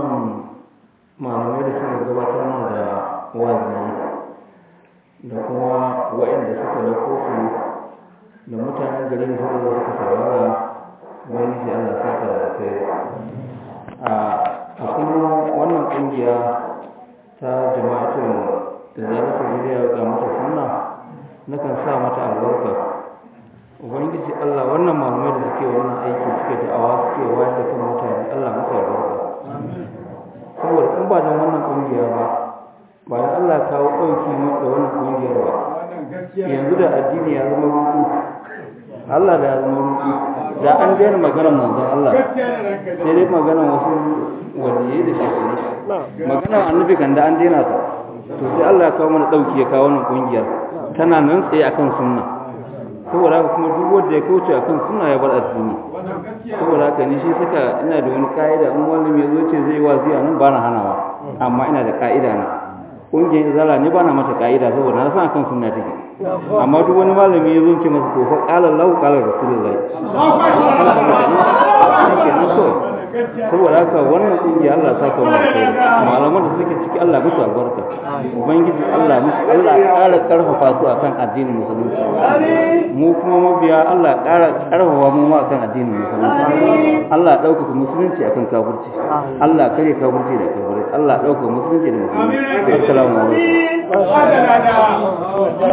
musamman malamai da suka gabatar mana da wa'azi da kuma waɗanda suka na kofi da mutanen garin da suka suka saurara wani ji Allah saka da kai a kullum wannan ƙungiya ta jama'atul da za zalata bidiya ga mata sunna kan sa mata albarka ubangiji Allah wannan malamai da suke wannan aiki suke da'awa suke wayar da kan mutane Allah maka albarka saboda in ba don wannan ƙungiyar ba ba da Allah kawo ɗauki da wannan ƙungiyar ba yanzu da addini ya zama ruku Allah da ya zama ruku da an gani maganar manzon Allah sai dai maganar wasu waliyai da shekaru maganar annabi kan da an daina ta to sai Allah ya kawo mana ɗauki ya kawo wannan ƙungiyar tana nan tsaye akan sunna saboda haka kuma duk wanda ya kauce akan suna ya bar addini saboda haka ni shi saka ina da wani ka'ida in wani mai zo ce zai wazi a nan ba na hanawa amma ina da ka'ida na ƙungiyar zala ne ba na mata ka'ida saboda na san akan sunna take amma duk wani malami ya zo masa to fa qala qala rasulullahi saboda haka wannan kungiya Allah sa ka mace malaman da suke ciki Allah musu albarka ubangiji Allah musu Allah kara karfafa su akan addinin musulunci mu kuma mabiya Allah kara karfafa mu ma akan addinin musulunci Allah dauka musulunci akan kafirci Allah kare kafirci da kafirci Allah dauka musulunci da musulunci assalamu alaikum